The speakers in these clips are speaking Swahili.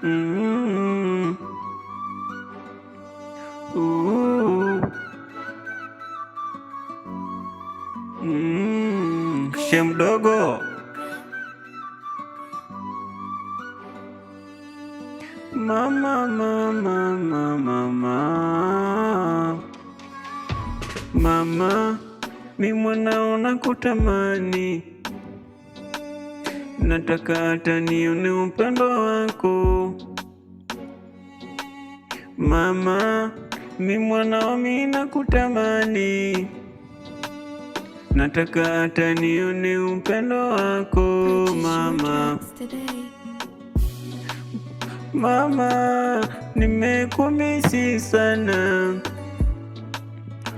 She mdogo mama, mama, mama, mama, mama, mi mwanao nakutamani nataka hata nione upendo wako mama, mi mwana wa mi nakutamani, nataka hata nione upendo wako mama. Mama, nimekumisi sana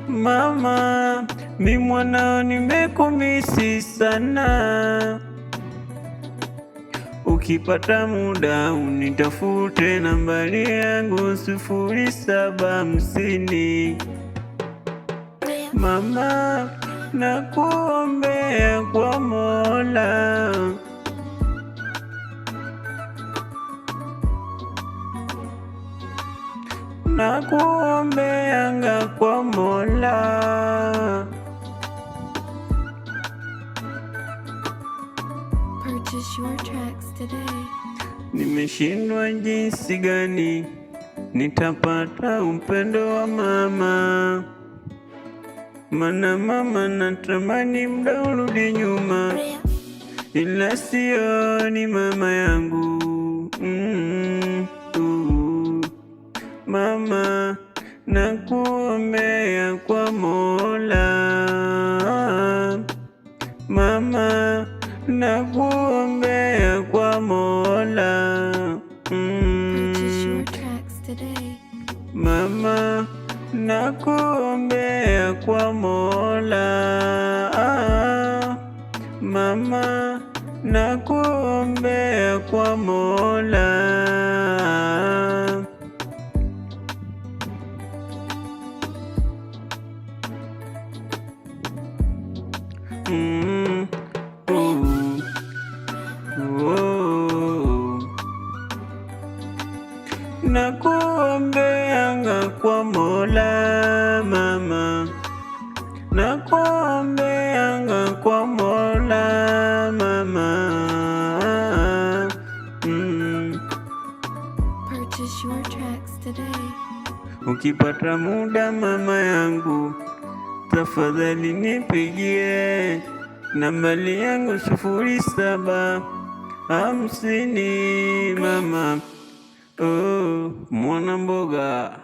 mama, mi mwanao nimekumisi sana ukipata muda unitafute, nambari yangu sufuri saba hamsini. Mama, nakuombea kwa Mola nakuombea Nimeshindwa jinsi gani nitapata upendo wa mama, mana mama natamani mda urudi nyuma, ila ni mama yangu mm, mama nakuombea kwa Mola na kuombea mm. kwa Mola mm. Mama na kuombea kwa Mola ah. Mama na kuombea kwa Mola mm. na kuombeanga kwa Mola mama, na kuombeanga kwa Mola mama mm. Purchase your tracks today. Ukipata muda mama yangu, tafadhali nipigie mali yangu sufuri saba hamsini mama mwanamboga.